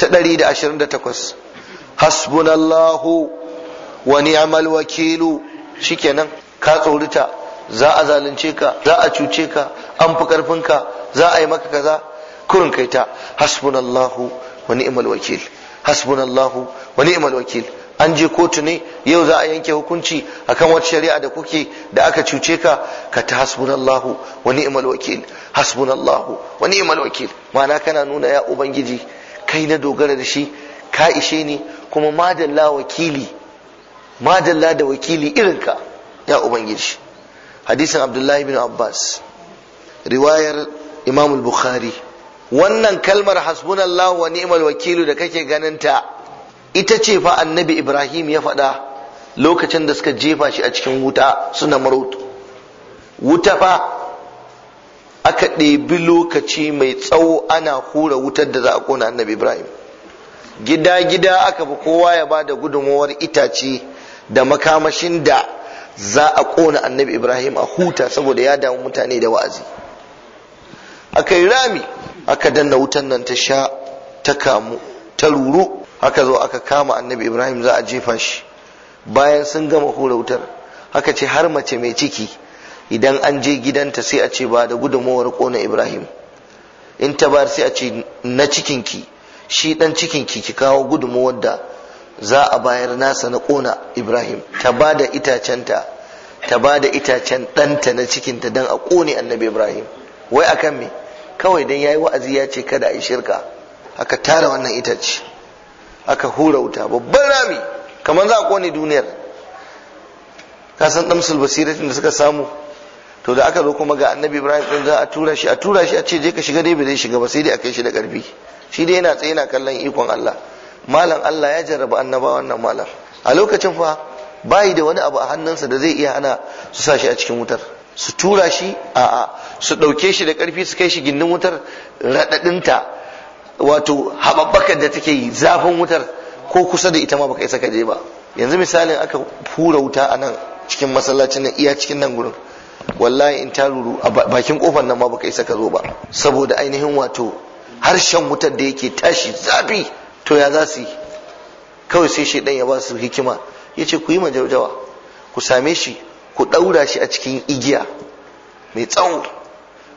ta 128 hasbunallahu wa ni'mal wakilu shikenan ka tsorita za a zalunce ka za a cuce ka an fi karfin ka za a yi maka kaza kurin kai ta hasbunallahu wa ni'mal wakil hasbunallahu wa ni'mal wakil an je kotu ne yau za a yanke hukunci akan wata shari'a da kuke da aka cuce ka ka ta hasbunallahu wa ni'mal wakil hasbunallahu wa ni'mal wakil ma'ana kana nuna ya ubangiji kai na dogara da shi ka ishe ni kuma madalla wakili madalla da wakili irinka ya ubangiji hadisin abdullahi bin abbas riwayar imam bukhari wannan kalmar hasbunallahu wa ni'mal wakilu da kake ganinta ita ce fa annabi ibrahim ya faɗa lokacin da suka jefa shi a cikin wuta suna marutu wuta fa aka ɗebi lokaci mai tsawo ana hura wutar da za a kona annabi ibrahim gida gida aka fi kowa ya ba da gudunmawar itace da makamashin da za a kona annabi ibrahim a huta saboda ya damu mutane da wa'azi aka yi rami aka danna wutar nan ta sha ta kamu ta ruru haka zo aka kama annabi ibrahim za a jefa shi bayan sun gama hura wutar haka ce har mace mai ciki idan an je gidanta sai a ce ba da kona ibrahim in ta bayar sai a ce na cikinki shi dan cikinki ki kawo gudumawar da za a bayar nasa na kona ibrahim ta ba da itacenta ta ba da itacen ɗanta na cikinta don a kone annabi ibrahim wai akan me kawai dan yayi wa'azi ya ce kada a yi shirka aka tara wannan itace aka hura wuta babban rami kamar za a kone duniyar ka san damsul da suka samu to da aka zo kuma ga annabi ibrahim din za a tura shi a tura shi a ce je ka shiga dai ba zai shiga ba sai dai a kai shi da karfi shi dai yana tsaye yana kallon ikon allah malam allah ya jarraba annaba wannan malam a lokacin fa bayi da wani abu a hannunsa da zai iya hana su sa shi a cikin wutar su tura shi a a su ɗauke shi da karfi su kai shi gindin wutar raɗaɗinta wato hababbakar da take yi zafin wutar ko kusa da ita ma baka isa ka je ba yanzu misalin aka hura wuta a nan cikin masallacin nan iya cikin nan gurin wallahi in ta ruru a bakin kofar nan ma baka isa ka zo ba saboda ainihin wato harshen wutar da yake tashi zafi to ya za su yi kawai sai shi ya ba su hikima ya ce ku yi majaujawa ku same shi ku ɗaura shi a cikin igiya mai tsawo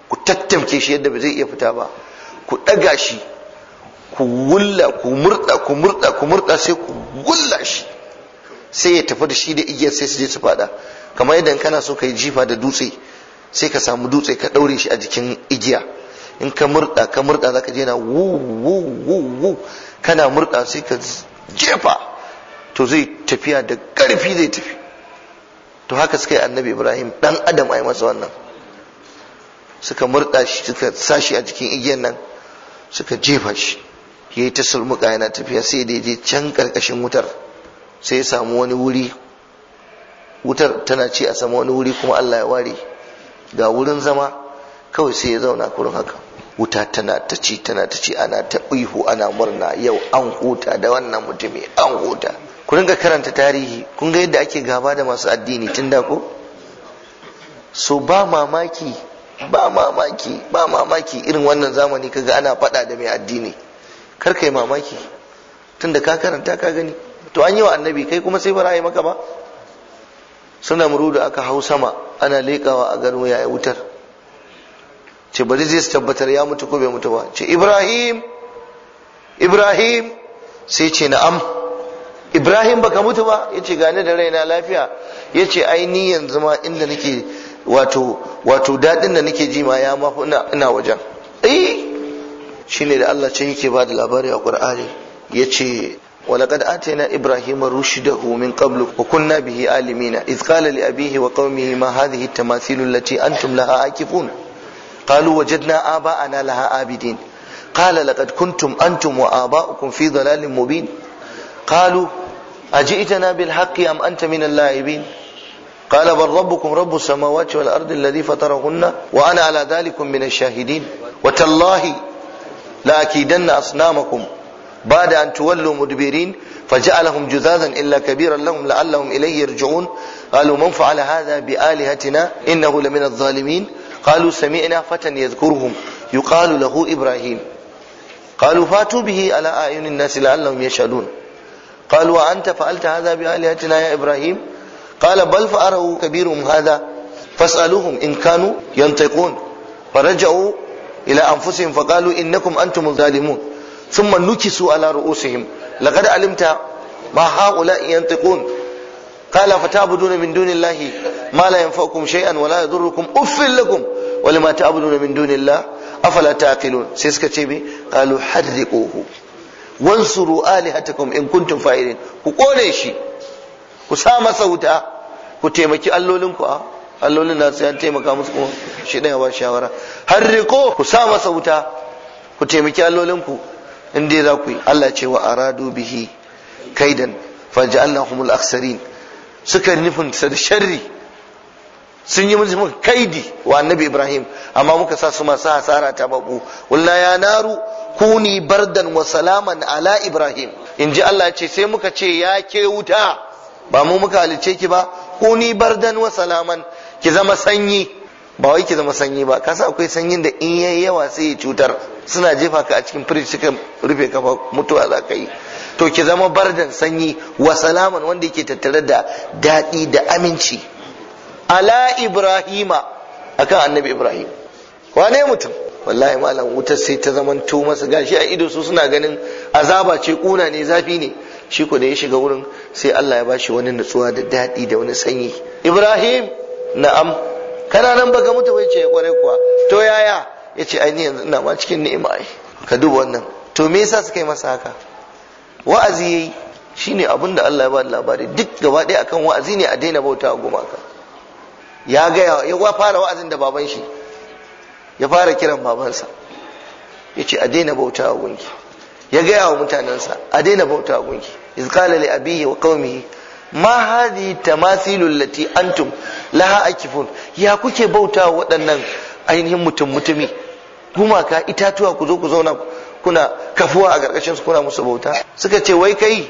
ku tattamke shi yadda ba zai iya fita ba ku ɗaga shi ku wulla ku murda ku murda ku murda sai ku wulla shi sai ya tafi da shi da igiyar sai su je su fada kamar idan kana so ka yi jifa da dutse sai ka samu dutse ka ɗaure shi a jikin igiya in ka murɗa ka murɗa zaka je na wu wu wu wu kana murɗa sai ka jefa to zai tafiya da ƙarfi zai tafi to haka suka yi annabi ibrahim dan adam ai masa wannan suka murɗa shi suka sa shi a jikin igiyan nan suka jefa shi yayi ta sulmuka yana tafiya sai da je can karkashin wutar sai ya samu wani wuri wutar tana ci a sama wani wuri kuma Allah ya ware ga wurin zama kawai sai ya zauna kurin haka wuta tana ta ci tana ta ci ana ta ihu ana murna yau an huta da wannan mutumi an huta ku ringa karanta tarihi kun ga yadda ake gaba da masu addini tun da ko so ba mamaki ba mamaki ba mamaki irin wannan zamani kaga ana faɗa da mai addini kar kai mamaki tunda ka karanta ka gani to an yi wa annabi kai kuma sai ba ra'ayi maka ba suna murudu aka hau sama ana leƙawa a gano yaya wutar ce ba zai tabbatar ya mutu ko bai mutu ba ce ibrahim ibrahim sai ce na'am ibrahim baka mutu ba ya ce gane da raina lafiya ya ce ai ni yanzu ma inda nake wato daɗin da nake ji ma ya mafi ina wajen eh shine da Allah ce yake ba da labari a Qur'ani ce. ولقد آتينا إبراهيم رشده من قبل وكنا به عالمين إذ قال لأبيه وقومه ما هذه التماثيل التي أنتم لها عاكفون قالوا وجدنا آباءنا لها عابدين قال لقد كنتم أنتم وآباؤكم في ضلال مبين قالوا أجئتنا بالحق أم أنت من اللاعبين قال بل ربكم رب السماوات والأرض الذي فطرهن وأنا على ذلك من الشاهدين وتالله لأكيدن أصنامكم بعد أن تولوا مدبرين فجعلهم جذاذا إلا كبيرا لهم لعلهم إليه يرجعون قالوا من فعل هذا بآلهتنا إنه لمن الظالمين قالوا سمعنا فتى يذكرهم يقال له إبراهيم قالوا فاتوا به على أعين الناس لعلهم يشهدون قالوا وأنت فعلت هذا بآلهتنا يا إبراهيم قال بل فأروا كبيرهم هذا فاسألوهم إن كانوا ينطقون فرجعوا إلى أنفسهم فقالوا إنكم أنتم الظالمون thumma nukisu ala ru'usihim laqad alimta ma haula yantiqun qala fatabuduna min dunillahi ma la yanfa'ukum shay'an wa la yadurrukum uffil lakum wa lima ta'buduna min dunillah afala taqilun sai suka ce me qalu harriquhu wansuru alihatakum in kuntum fa'ilin ku kone shi ku sa ku taimaki allolin da sai an taimaka musu kuma shi ɗaya ba shawara har riko ku sa masa wuta ku taimaki allolinku in dai za ku yi Allah ce wa aradu bihi kaidan faj'alnahum al aksarin suka nufin sa da sharri sun yi musu kaidi wa annabi Ibrahim amma muka sa su masu hasara ta babu wallahi ya naru kuni bardan wa salaman ala Ibrahim in ji Allah ce sai muka ce ya ke wuta ba mu muka halice ki ba kuni bardan wa salaman ki zama sanyi ba wai ki zama sanyi ba kasa akwai sanyin da in yayi yawa sai ya cutar suna jefa ka a cikin firij suka rufe kafa mutuwa za ka yi to ki zama bardan sanyi wa salaman wanda yake tattare da daɗi da aminci ala ibrahima akan annabi ibrahim wane mutum wallahi malam wutar sai ta zaman to masa gashi a ido su suna ganin azaba ce kuna ne zafi ne shi ko da ya shiga wurin sai Allah ya bashi wani nutsuwa da daɗi da wani sanyi ibrahim na'am kana nan baka mutu bai ce kware kuwa to yaya ya ce ai yanzu ina ma cikin ni'ima ai ka duba wannan to me yasa suka yi masa haka wa'azi yayi shine abin da Allah ya ba labari duk gaba ɗaya akan wa'azi ne a daina bauta a gumaka ya gaya ya fara wa'azin da baban shi ya fara kiran babansa ya ce a daina bauta a gunki ya ga wa mutanensa a daina bauta a gunki iz qala li abihi wa qaumihi ma hadhi tamathilul lati antum laha akifun ya kuke bauta waɗannan ainihin mutum mutumi gumaka itatuwa ku zo ku zauna kuna kafuwa a ƙarƙashin su kuna musu bauta suka ce wai kai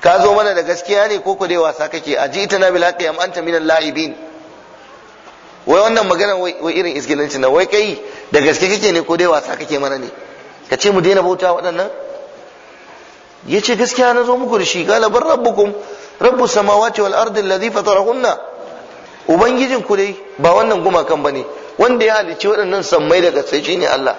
ka zo mana da gaskiya ne ko ku dai wasa kake a ji ita na bil haqqi am anta minal la'ibin wai wannan magana wai irin isgilancin na wai kai da gaske kake ne ko dai wasa kake mana ne ka ce mu daina bauta waɗannan ya ce gaskiya na zo muku da shi galabar rabbukum rabbu samawati wal ardi alladhi fatarahunna ubangijin ku dai ba wannan gumakan bane wanda ya halicci waɗannan sammai daga sai shine Allah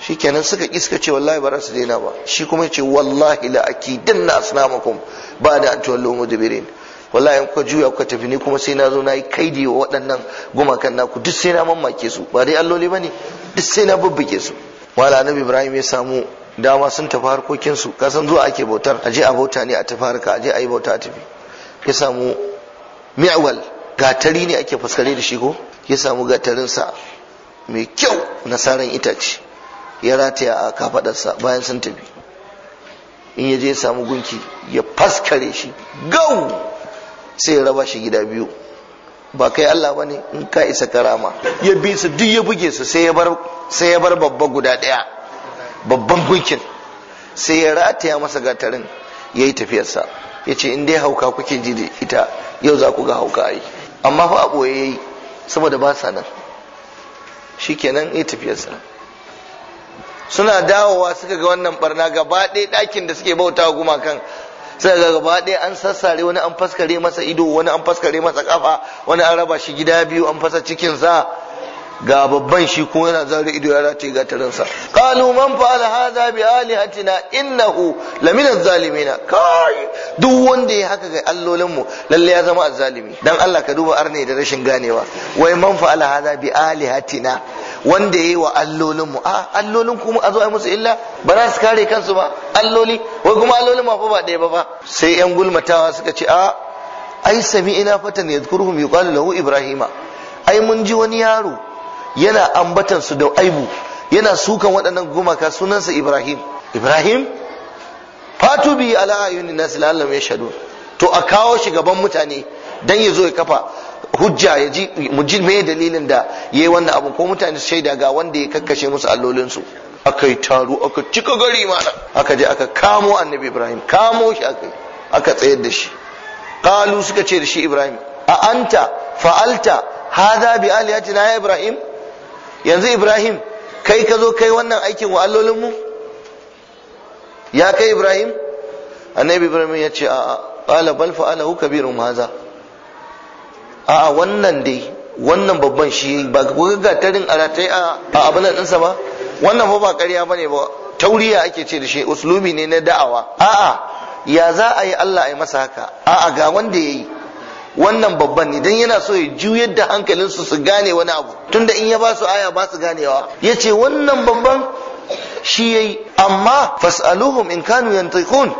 shikenan suka ki suka ce wallahi ba su daina ba shi kuma ya ce wallahi la akidanna asnamakum ba da antawallu mudbirin wallahi in kuka juya kuka tafi ni kuma sai na zo na yi kaidi wa waɗannan gumakan naku duk sai na mamake su ba dai alloli bane duk sai na bubbuke su wala annabi ibrahim ya samu dama sun tafi harkokinsu kasan zuwa ake bautar aje a bauta ne a tafi harka aje a yi bauta a tafi ya samu mi'awal gatari ne ake fuskare da shi ko ya samu gatarinsa mai kyau nasaran itace ya rataya a kafadarsa bayan sun tafi in ya je ya samu gunki ya faskare shi gau sai ya raba shi gida biyu ba kai Allah ba ne in ka isa karama ya bi su duk ya buge su sai ya bar babba guda ɗaya babban gunkin sai ya rataya masa gatarin ya yi tafiyarsa ya ce in dai hauka kuke ji da ita yau za ku ga hauka yi, amma fa a ɓoye ya yi saboda ba sa nan shi kenan ya tafiyarsa suna dawowa suka ga wannan barna gaba ɗaya ɗakin da suke bautawa gumakan suka ga gaba ɗaya an sassare wani an faskare masa ido wani an faskare masa kafa wani an raba shi gida biyu an fasa cikinsa ga babban shi kuma yana zare ido ya rataye gatarinsa qalu man fa'ala hadha bi alihatina innahu lamina zalimina kai duk wanda ya haka ga allolin mu lalle ya zama azzalimi dan Allah ka duba arne da rashin ganewa wai man fa'ala hadha bi alihatina wanda yayi wa allolin mu a allolin kuma a ai musu illa ba za su kare kansu ba alloli wai kuma allolin ma fa ba ɗaya ba fa sai yan gulmatawa suka ce a ai sami ina fatan yadhkuruhum yuqalu lahu ibrahima ai mun ji wani yaro yana ambatan su da aibu yana sukan waɗannan gumaka sunansa Ibrahim Ibrahim fatu bi ala ayyuni nas la'allam yashhadun to a kawo shi gaban mutane dan ya zo ya kafa hujja ya ji mujin me dalilin da yayi wannan abu ko mutane su shaida ga wanda ya kakkashe musu allolin su akai taro aka cika gari ma aka je aka kamo annabi Ibrahim kamo shi aka aka tsayar da shi qalu suka ce da shi Ibrahim a anta fa'alta hadha bi aliyatina ya Ibrahim yanzu ibrahim kai ka zo kai wannan aikin wa allolinmu ya kai ibrahim annabi ibrahim ya ce a qala bal fa'alahu kabirun haza a'a wannan dai wannan babban shi ba ga tarin aratai a abin nan ɗinsa ba wannan ba ba ƙarya bane ba tauriya ake ce da shi uslubi ne na da'awa a'a ya za a yi Allah a yi masa haka a ga wanda ya yi wannan babban ne dan yana so ya juyar da hankalinsu su gane wani abu tunda in ya ba su aya ba su ganewa yace wannan babban shi yayi amma fasaluhum in kanu yantiqun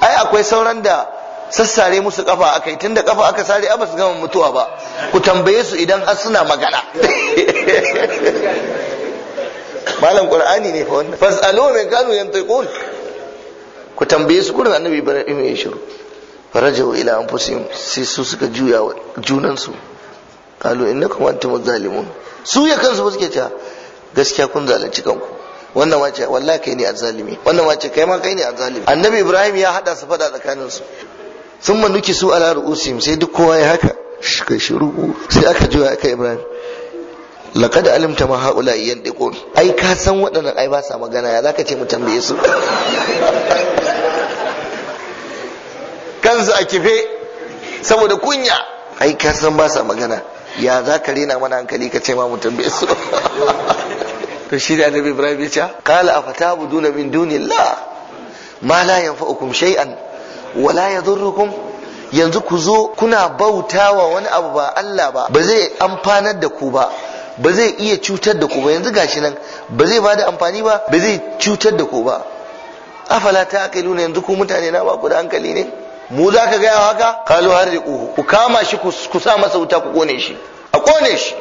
ai akwai sauran da sassare musu kafa aka yi tunda kafa aka sare a basu gama mutuwa ba ku tambaye su idan har suna magana malam qur'ani ne fa wannan fasaluhum in kanu yantiqun ku tambaye su kurin annabi ibrahim ya shiru farajau ila anfusihim sai su suka juya wa junansu qalu innakum antum zalimun su ya kansu ba suke cewa gaskiya kun zalunci kanku wannan wace wallahi kai ne azzalimi wannan wace kai ma kai ne azzalimi annabi ibrahim ya hada su fada tsakanin su sun manuki su ala ru'usim sai duk kowa ya haka kai shiru sai aka juya aka ibrahim laqad alimta ma haula yandiqun ai ka san waɗannan ai ba sa magana ya zaka ce mu tambaye su kansu a kife saboda kunya ai ka san ba sa magana ya za ka rena mana hankali ka ce ma mutum bai so to shi da annabi ibrahim ya ce qala afatabuduna min dunillah ma la yanfa'ukum shay'an wa la yadhurrukum yanzu ku zo kuna bautawa wani abu ba Allah ba ba zai amfanar da ku ba ba zai iya cutar da ku ba yanzu gashi nan ba zai bada amfani ba ba zai cutar da ku ba afala ta yanzu ku mutane na ba ku da hankali ne mu za ka gaya haka kalu har harriquhu ku kama shi ku sa masa wuta ku kone shi a kone shi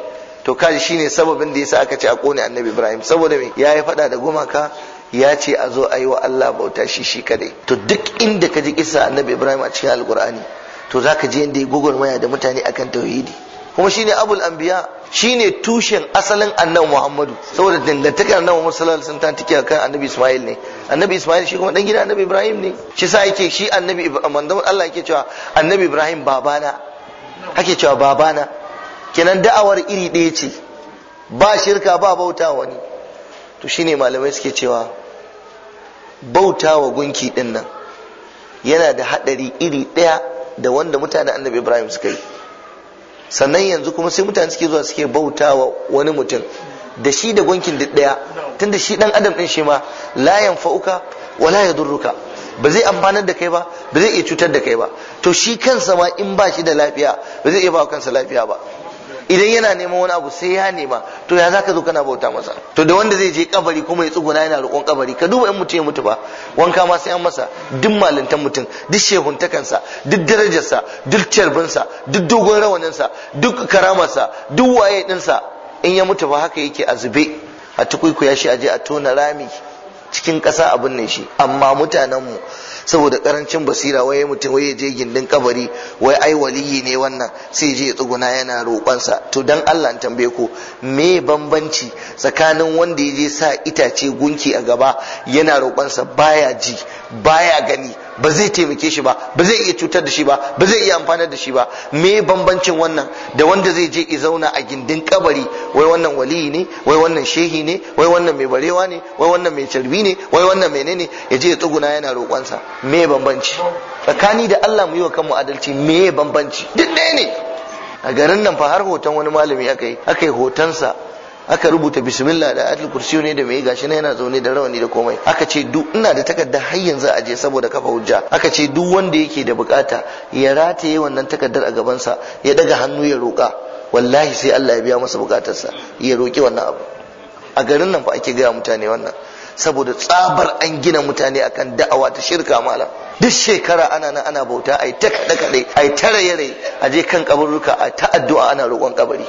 to kaji shine sababin da yasa aka ce a kone annabi ibrahim saboda me yayi fada da gumaka ya ce a zo a yi wa Allah bauta shi shi kadai to duk inda ka ji kisa annabi ibrahim a cikin alqur'ani to zaka je inda ya gogormaya da mutane akan tauhidi kuma shine abul anbiya shine tushen asalin annabi Muhammadu saboda dangantaka annabi Muhammadu sallallahu alaihi wasallam ta tike kan annabi Ismail ne annabi Ismail shi kuma dan gidan annabi Ibrahim ne shi sa yake shi annabi manzon Allah yake cewa annabi Ibrahim babana ake cewa babana kenan da'awar iri ɗaya ce ba shirka ba bauta wani to shine malamai suke cewa bauta wa gunki din nan yana da hadari iri ɗaya da wanda mutanen annabi Ibrahim suka yi sannan yanzu kuma sai mutane suke zuwa suke bauta wa wani mutum da shi da gwankin duk daya da shi dan adam din shi ma la yanfa'uka wa la yadurruka ba zai amfanar da kai ba ba zai iya cutar da kai ba to shi kansa ma in ba shi da lafiya ba zai iya ba kansa lafiya ba idan yana neman wani abu sai ya nema to ya zaka zo kana bauta masa to da wanda zai je kabari kuma ya tsuguna yana roƙon kabari ka duba in mutum ya mutu ba wanka ma sai an masa duk malintan mutum duk shehuntakansa duk darajarsa duk sa, duk dogon rawaninsa duk karamarsa duk waye dinsa in ya mutu ba haka yake a zube a tukuikuya shi aje a tona rami cikin ƙasa abin ne shi amma mutanenmu saboda karancin basira waye mutum waye je gindin kabari wai ai waliyi ne wannan sai je tsuguna yana roƙonsa to dan Allah in tambaye ku me bambanci tsakanin wanda ya je sa itace gunki a gaba yana roƙonsa baya ji baya gani ba zai taimake shi ba ba zai iya cutar da shi ba ba zai iya amfanar da shi ba me bambancin wannan da wanda zai je i zauna a gindin kabari wai wannan waliyi ne wai wannan shehi ne wai wannan mai barewa ne wai wannan mai carbi ne wai wannan menene ya je ya tsuguna yana roƙonsa me bambanci tsakani da Allah mu yi wa kanmu adalci me bambanci duk ɗaya ne a garin nan fa har hoton wani malami aka yi aka yi hotonsa aka rubuta bismillah da ayatul kursiyu ne da mai gashi na yana zaune da rawani da komai aka ce duk ina da takardar har yanzu a je saboda kafa hujja aka ce duk wanda yake da bukata ya rataye wannan takardar a gabansa ya daga hannu ya roƙa wallahi sai Allah ya biya masa bukatarsa ya roƙi wannan abu a garin nan fa ake gaya mutane wannan saboda tsabar an gina mutane akan da'awa ta shirka malam duk shekara ana nan ana bauta ai ta kaɗe-kaɗe ai ta a je kan kaburuka a ta addu'a ana roƙon kabari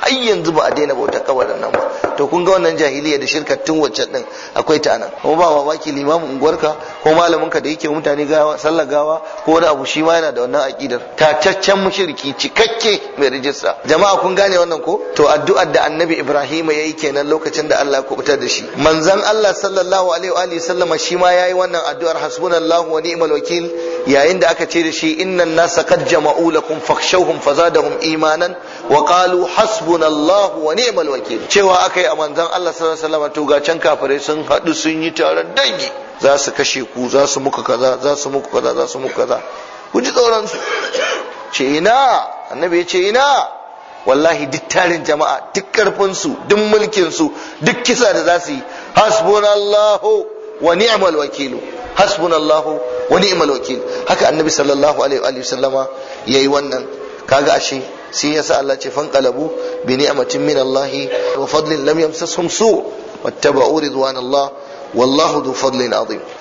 har yanzu ba a daina bautar kabarin nan ba to kun ga wannan jahiliya da shirka tun wacce din akwai ta nan kuma ba mamaki limamin unguwarka ko malamin ka da yake mutane gawa sallar gawa ko wani abu shi ma yana da wannan aqidar tataccen mushriki cikakke mai rijista jama'a kun gane wannan ko to addu'ar da annabi ibrahim yayi kenan lokacin da Allah ya kubutar da shi manzon Allah sallallahu alaihi wa alihi sallama shi ma yayi wannan addu'ar hasbunallahu wa ni'mal wakil yayin da aka ce da shi innan nasa qad jama'u lakum fakhshawhum fazadahum imanan wa qalu hasb hasbunallahu wa ni'mal wakil cewa akai a manzon Allah sallallahu alaihi wasallam to ga can kafare sun hadu sun yi taron dangi za su kashe ku za su muku kaza za su muku kaza za su muku kaza ku ji tsoron su ce ina annabi ya ce ina wallahi duk tarin jama'a duk karfin su duk mulkin su duk kisa da za su yi hasbunallahu wa ni'mal wakilu hasbunallahu wa ni'mal wakil haka annabi sallallahu alaihi wa sallama yayi wannan kaga ashe shi yasa Allah ce fanqalabu bi ni'matin min Allah wa fadlin lam yamsashum su wattaba'u ridwan Allah wallahu dhu fadlin azim